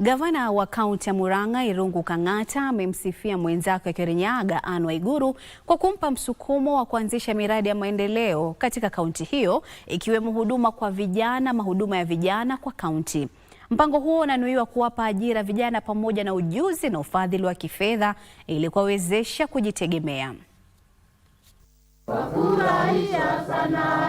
Gavana wa kaunti ya Murang'a Irungu Kang'ata amemsifia mwenzake Kirinyaga anwa Waiguru kwa kumpa msukumo wa kuanzisha miradi ya maendeleo katika kaunti hiyo ikiwemo huduma kwa vijana, mahuduma ya vijana kwa kaunti. Mpango huo unanuiwa kuwapa ajira vijana pamoja na ujuzi na ufadhili wa kifedha ili kuwawezesha kujitegemea. Wafurahia sana.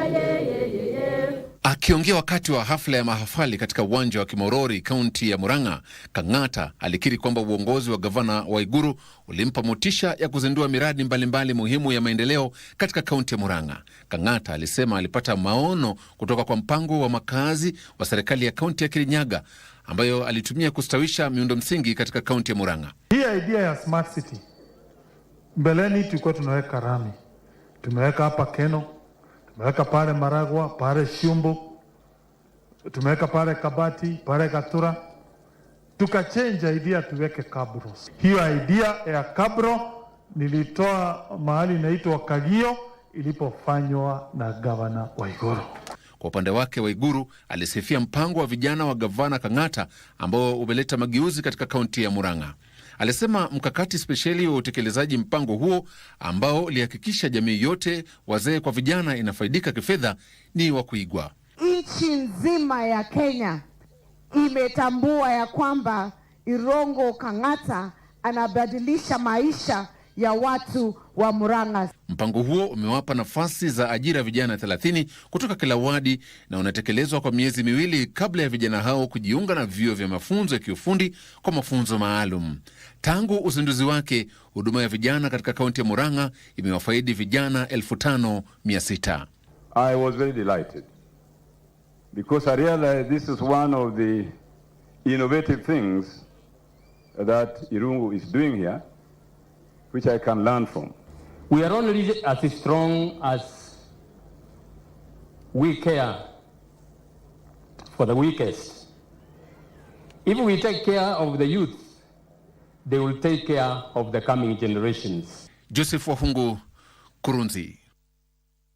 Akiongea wakati wa hafla ya mahafali katika uwanja wa Kimorori, kaunti ya Murang'a, Kang'ata alikiri kwamba uongozi wa gavana Waiguru ulimpa motisha ya kuzindua miradi mbalimbali mbali muhimu ya maendeleo katika kaunti ya Murang'a. Kang'ata alisema alipata maono kutoka kwa mpango wa makazi wa serikali ya kaunti ya Kirinyaga ambayo alitumia kustawisha miundo msingi katika kaunti ya Murang'a. Hii idea ya smart city, mbeleni tulikuwa tunaweka rami, tumeweka hapa Keno, tumeweka pale Maragwa, pale Shumbu tumeweka pale kabati pale Gatura, tukachenja idea tuweke kabro. Hiyo idea ya kabro nilitoa mahali inaitwa Kagio ilipofanywa na gavana Waiguru. Kwa upande wake Waiguru alisifia mpango wa vijana wa gavana Kang'ata ambao umeleta mageuzi katika kaunti ya Murang'a. Alisema mkakati spesheli wa utekelezaji mpango huo ambao ulihakikisha jamii yote, wazee kwa vijana, inafaidika kifedha ni wa kuigwa nchi nzima ya Kenya imetambua ya kwamba Irongo Kang'ata anabadilisha maisha ya watu wa Murang'a. Mpango huo umewapa nafasi za ajira vijana 30 kutoka kila wadi na unatekelezwa kwa miezi miwili kabla ya vijana hao kujiunga na vyuo vya mafunzo ya kiufundi kwa mafunzo maalum. Tangu uzinduzi wake, huduma ya vijana katika kaunti ya Murang'a imewafaidi vijana 5600. I was very delighted because I realize this is one of the innovative things that Irungu is doing here, which I can learn from. We are only as strong as we care for the weakest. If we take care of the youth, they will take care of the coming generations. Joseph Wafungu, Kurunzi.